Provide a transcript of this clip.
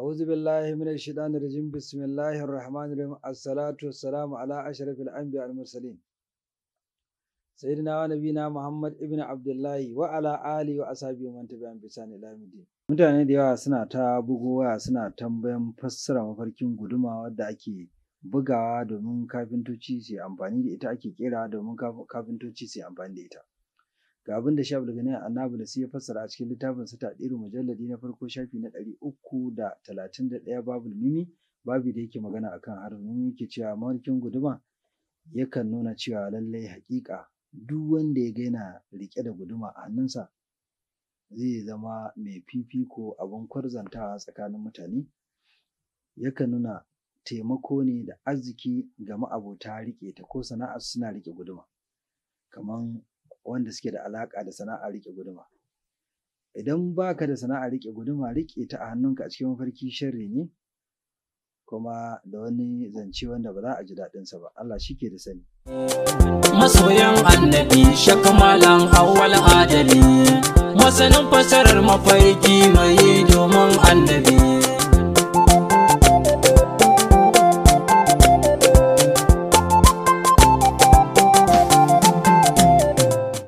أعوذ بالله من الشيطان الرجيم بسم الله الرحمن الرحيم الصلاة والسلام على أشرف الأنبياء المرسلين سيدنا ونبينا محمد ابن عبد الله وعلى آله وأصحابه من تبعهم بإحسان إلى يوم الدين mutane da yawa suna ta bugowa suna tambayan fassara mafarkin guduma wadda ake bugawa domin kafintoci su amfani da ita ake kera domin kafintoci su amfani da ita ga abin da Shahab Lagani Annabulis ya fassara a cikin littafin su ta ɗiri mujalladi na farko shafi na ɗari uku da talatin da ɗaya Babu mimi babu da yake magana akan harin mimi yake cewa mawarkin guduma yakan nuna cewa lallai haƙiƙa duk wanda ya gaina riƙe da guduma a hannunsa zai zama mai fifiko abin kwarzantawa tsakanin mutane yakan nuna taimako ne da arziki ga ma'abota riƙe ta ko sana'ar suna riƙe guduma kaman wanda suke da alaƙa da sana'a riƙe guduma. Idan baka da sana'a riƙe guduma riƙe ta a hannunka a cikin mafarki sharri ne kuma da wani zance wanda ba za a ji daɗinsa ba Allah shi ke da sani. Masoyan annabi shakamalan awwal adali masanin fasarar mafarki mai domin annabi.